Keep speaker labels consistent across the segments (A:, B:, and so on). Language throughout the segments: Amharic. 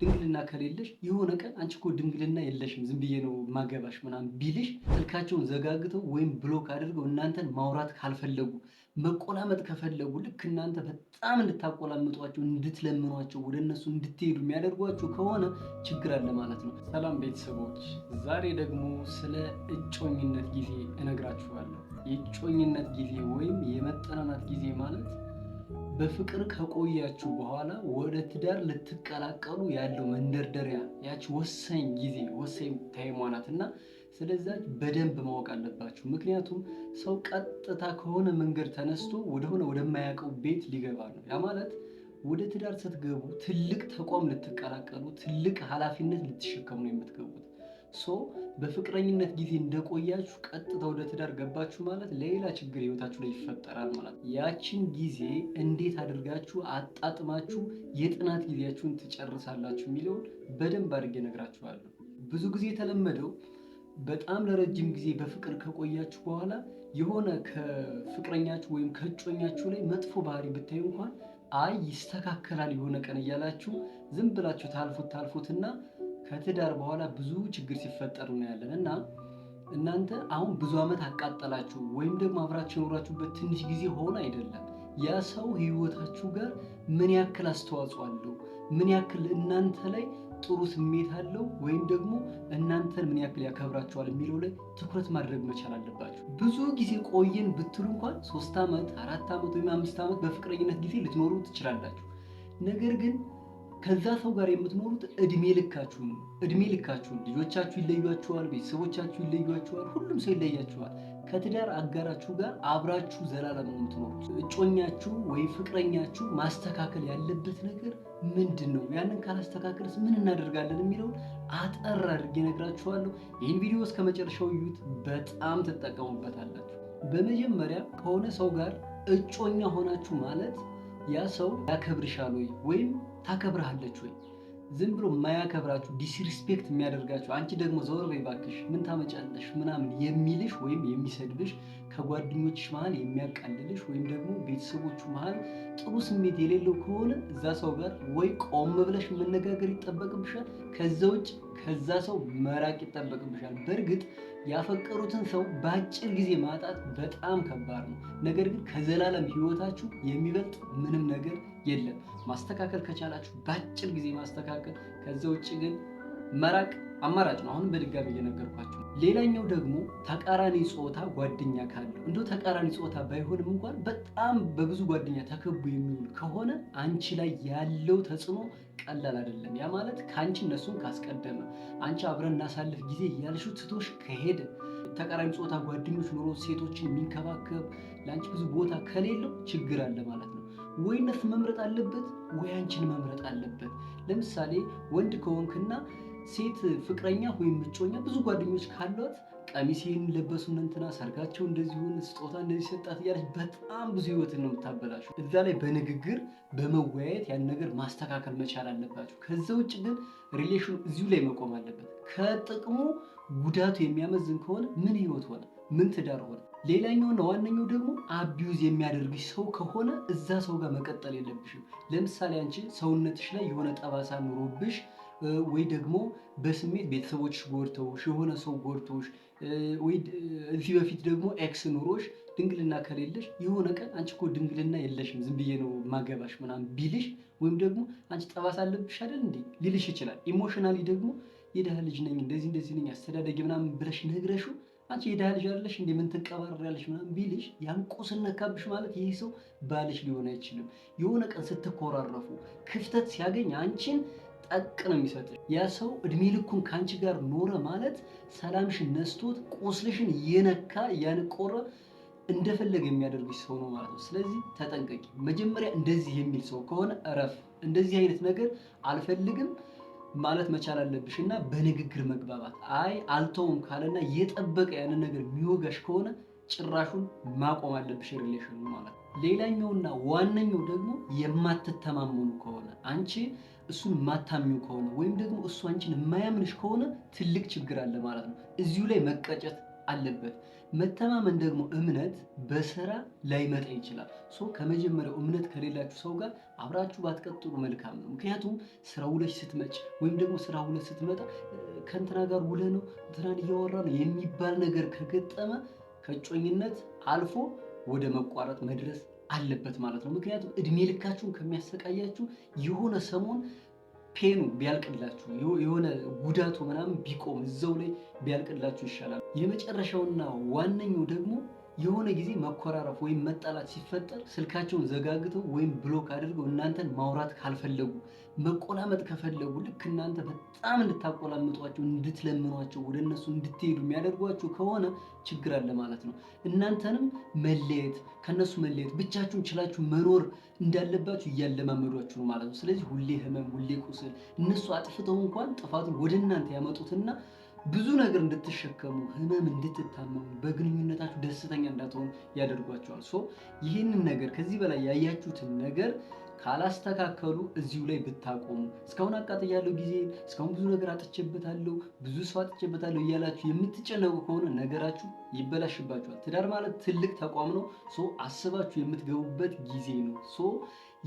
A: ድንግልና ከሌለሽ የሆነ ቀን አንቺ እኮ ድንግልና የለሽም ዝም ብዬ ነው ማገባሽ ምናምን ቢልሽ ስልካቸውን ዘጋግተው ወይም ብሎክ አድርገው እናንተን ማውራት ካልፈለጉ መቆላመጥ ከፈለጉ ልክ እናንተ በጣም እንድታቆላምጧቸው እንድትለምኗቸው ወደ እነሱ እንድትሄዱ የሚያደርጓቸው ከሆነ ችግር አለ ማለት ነው።
B: ሰላም ቤተሰቦች፣ ዛሬ ደግሞ ስለ እጮኝነት ጊዜ እነግራችኋለሁ። የእጮኝነት ጊዜ ወይም የመጠናናት ጊዜ ማለት በፍቅር ከቆያችሁ በኋላ ወደ ትዳር ልትቀላቀሉ ያለው መንደርደሪያ ያች ወሳኝ ጊዜ ወሳኝ ታይሟ ናት እና ስለዛ በደንብ ማወቅ አለባችሁ። ምክንያቱም ሰው ቀጥታ ከሆነ መንገድ ተነስቶ ወደሆነ ወደማያውቀው ቤት ሊገባ ነው። ያ ማለት ወደ ትዳር ስትገቡ ትልቅ ተቋም ልትቀላቀሉ፣ ትልቅ ኃላፊነት ልትሸከሙ ነው የምትገቡት ሶ በፍቅረኝነት ጊዜ እንደቆያችሁ ቀጥታ ወደ ትዳር ገባችሁ ማለት ሌላ ችግር ህይወታችሁ ላይ ይፈጠራል ማለት ነው። ያችን ጊዜ እንዴት አድርጋችሁ አጣጥማችሁ የጥናት ጊዜያችሁን ትጨርሳላችሁ የሚለውን በደንብ አድርጌ ነግራችኋለሁ። ብዙ ጊዜ የተለመደው በጣም ለረጅም ጊዜ በፍቅር ከቆያችሁ በኋላ የሆነ ከፍቅረኛችሁ ወይም ከእጮኛችሁ ላይ መጥፎ ባህሪ ብታዩ እንኳን አይ ይስተካከላል የሆነ ቀን እያላችሁ ዝም ብላችሁ ታልፉት ታልፉትና ከትዳር በኋላ ብዙ ችግር ሲፈጠር እናያለን እና እናንተ አሁን ብዙ ዓመት አቃጠላችሁ ወይም ደግሞ አብራችሁ የኖራችሁበት ትንሽ ጊዜ ሆነ አይደለም። ያ ሰው ህይወታችሁ ጋር ምን ያክል አስተዋጽኦ አለው? ምን ያክል እናንተ ላይ ጥሩ ስሜት አለው? ወይም ደግሞ እናንተን ምን ያክል ያከብራችኋል የሚለው ላይ ትኩረት ማድረግ መቻል አለባችሁ። ብዙ ጊዜ ቆየን ብትሉ እንኳን ሶስት ዓመት አራት ዓመት ወይም አምስት ዓመት በፍቅረኝነት ጊዜ ልትኖሩ ትችላላችሁ። ነገር ግን ከዛ ሰው ጋር የምትኖሩት እድሜ ልካችሁ ነው። እድሜ ልካችሁ ልጆቻችሁ ይለያችኋል፣ ቤተሰቦቻችሁ ይለያችኋል፣ ሁሉም ሰው ይለያችኋል። ከትዳር አጋራችሁ ጋር አብራችሁ ዘላለም ነው የምትኖሩት። እጮኛችሁ ወይም ፍቅረኛችሁ ማስተካከል ያለበት ነገር ምንድን ነው? ያንን ካላስተካከልስ ምን እናደርጋለን የሚለውን አጠር አድርጌ እነግራችኋለሁ። ይህን ቪዲዮ እስከ መጨረሻው እዩት፣ በጣም ትጠቀሙበታላችሁ። በመጀመሪያ ከሆነ ሰው ጋር እጮኛ ሆናችሁ ማለት ያ ሰው ያከብርሻል ወይ ወይም ታከብርሃለች ወይ? ዝም ብሎ የማያከብራችሁ ዲስሪስፔክት የሚያደርጋችሁ አንቺ ደግሞ ዘወር በይ እባክሽ ምን ታመጫለሽ ምናምን የሚልሽ ወይም የሚሰድብሽ ከጓደኞች መሃል የሚያቃልልሽ ወይም ደግሞ ቤተሰቦቹ መሀል ጥሩ ስሜት የሌለው ከሆነ እዛ ሰው ጋር ወይ ቆም ብለሽ መነጋገር ይጠበቅብሻል። ከዛ ውጭ ከዛ ሰው መራቅ ይጠበቅብሻል። በእርግጥ ያፈቀሩትን ሰው በአጭር ጊዜ ማጣት በጣም ከባድ ነው። ነገር ግን ከዘላለም ህይወታችሁ የሚበልጥ ምንም ነገር የለም። ማስተካከል ከቻላችሁ በአጭር ጊዜ ማስተካከል፣ ከዛ ውጭ ግን መራቅ አማራጭ ነው። አሁንም በድጋሚ እየነገርኳቸው። ሌላኛው ደግሞ ተቃራኒ ጾታ ጓደኛ ካለው እንደ ተቃራኒ ጾታ ባይሆንም እንኳን በጣም በብዙ ጓደኛ ተከቡ የሚውል ከሆነ አንቺ ላይ ያለው ተጽዕኖ ቀላል አይደለም። ያ ማለት ከአንቺ እነሱን ካስቀደመ አንቺ አብረን እናሳልፍ ጊዜ ያልሹ ትቶሽ ከሄደ ተቃራኒ ጾታ ጓደኞች ኖሮ ሴቶችን የሚንከባከብ ለአንቺ ብዙ ቦታ ከሌለው ችግር አለ ማለት ነው። ወይ እነሱ መምረጥ አለበት ወይ አንቺን መምረጥ አለበት። ለምሳሌ ወንድ ከሆንክና ሴት ፍቅረኛ ወይም እጮኛ ብዙ ጓደኞች ካሏት ቀሚስ ይህን እንትና ሰርጋቸው እንደዚሁን ስጦታ እንደዚህ ሰጣት እያለች በጣም ብዙ ህይወትን ነው የምታበላሹ። እዛ ላይ በንግግር በመወያየት ያን ነገር ማስተካከል መቻል አለባቸው። ከዚ ውጭ ግን ሪሌሽኑ እዚሁ ላይ መቆም አለበት። ከጥቅሙ ጉዳቱ የሚያመዝን ከሆነ ምን ህይወት ሆነ? ምን ትዳር ሆነ? ሌላኛውና ዋነኛው ደግሞ አቢዩዝ የሚያደርግሽ ሰው ከሆነ እዛ ሰው ጋር መቀጠል የለብሽም። ለምሳሌ አንቺ ሰውነትሽ ላይ የሆነ ጠባሳ ኑሮብሽ ወይ ደግሞ በስሜት ቤተሰቦች ጎድተውሽ፣ የሆነ ሰው ጎድተውሽ፣ ወይ እዚህ በፊት ደግሞ ኤክስ ኑሮሽ ድንግልና ከሌለሽ የሆነ ቀን አንቺ እኮ ድንግልና የለሽም ዝም ብዬ ነው ማገባሽ ምናምን ቢልሽ ወይም ደግሞ አንቺ ጠባሳ አለብሽ አይደል እንዴ ሊልሽ ይችላል። ኢሞሽናሊ ደግሞ የድሃ ልጅ ነኝ እንደዚህ እንደዚህ ነኝ አስተዳደጌ ምናምን ብለሽ ነግረሽው አንቺ የድሃ ልጅ አይደለሽ እንዴ? ምን ትቀባረሪያለሽ? ምናምን ቢልሽ ያን ማለት ይህ ሰው ባልሽ ሊሆን አይችልም። የሆነ ቀን ስትኮራረፉ ክፍተት ሲያገኝ አንቺን ጠቅ ነው የሚሰጥሽ። ያ ሰው እድሜ ልኩን ከአንቺ ጋር ኖረ ማለት ሰላምሽን ነስቶት ቁስልሽን እየነካ ያንቆረ እንደፈለገ የሚያደርግሽ ሰው ነው ማለት ነው። ስለዚህ ተጠንቀቂ። መጀመሪያ እንደዚህ የሚል ሰው ከሆነ እረፍ። እንደዚህ አይነት ነገር አልፈልግም ማለት መቻል አለብሽ እና በንግግር መግባባት። አይ አልተውም ካለና የጠበቀ ያንን ነገር የሚወጋሽ ከሆነ ጭራሹን ማቆም አለብሽ ሪሌሽኑ ማለት ነው። ሌላኛውና ዋነኛው ደግሞ የማትተማመኑ ከሆነ አንቺ እሱን ማታምኙ ከሆነ ወይም ደግሞ እሱ አንቺን የማያምንሽ ከሆነ ትልቅ ችግር አለ ማለት ነው። እዚሁ ላይ መቀጨት አለበት። መተማመን ደግሞ እምነት በስራ ላይመጣ ይችላል። ሶ ከመጀመሪያው እምነት ከሌላችሁ ሰው ጋር አብራችሁ ባትቀጥሉ መልካም ነው። ምክንያቱም ስራ ውለሽ ስትመጭ ወይም ደግሞ ስራ ውለ ስትመጣ ከእንትና ጋር ውለ ነው እንትናን እያወራ ነው የሚባል ነገር ከገጠመ ከእጮኝነት አልፎ ወደ መቋረጥ መድረስ አለበት ማለት ነው። ምክንያቱም እድሜ ልካችሁን ከሚያሰቃያችሁ የሆነ ሰሞን ፔኑ ቢያልቅላችሁ የሆነ ጉዳቱ ምናምን ቢቆም እዛው ላይ ቢያልቅላችሁ ይሻላል። የመጨረሻውና ዋነኛው ደግሞ የሆነ ጊዜ መኮራረፍ ወይም መጣላት ሲፈጠር ስልካቸውን ዘጋግተው ወይም ብሎክ አድርገው እናንተን ማውራት ካልፈለጉ መቆላመጥ ከፈለጉ ልክ እናንተ በጣም እንድታቆላምጧቸው፣ እንድትለምኗቸው፣ ወደ እነሱ እንድትሄዱ የሚያደርጓችሁ ከሆነ ችግር አለ ማለት ነው። እናንተንም መለየት ከእነሱ መለየት ብቻችሁን ችላችሁ መኖር እንዳለባችሁ እያለማመዷችሁ ነው ማለት ነው። ስለዚህ ሁሌ ህመም፣ ሁሌ ቁስል እነሱ አጥፍተው እንኳን ጥፋቱን ወደ እናንተ ያመጡትና ብዙ ነገር እንድትሸከሙ፣ ህመም እንድትታመሙ፣ በግንኙነታችሁ ደስተኛ እንዳትሆኑ ያደርጓቸዋል። ሶ ይህንን ነገር ከዚህ በላይ ያያችሁትን ነገር ካላስተካከሉ እዚሁ ላይ ብታቆሙ። እስካሁን አቃጥያለሁ ጊዜ እስካሁን ብዙ ነገር አጥቼበታለሁ፣ ብዙ ሰው አጥቼበታለሁ እያላችሁ የምትጨነቁ ከሆነ ነገራችሁ ይበላሽባችኋል። ትዳር ማለት ትልቅ ተቋም ነው። ሶ አስባችሁ የምትገቡበት ጊዜ ነው። ሶ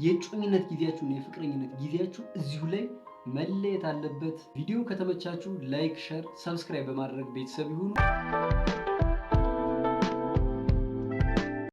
B: የእጮኝነት ጊዜያችሁ የፍቅረኝነት ጊዜያችሁ እዚሁ ላይ መለየት አለበት። ቪዲዮ ከተመቻችሁ ላይክ፣ ሸር፣ ሰብስክራይብ በማድረግ ቤተሰብ ይሁኑ።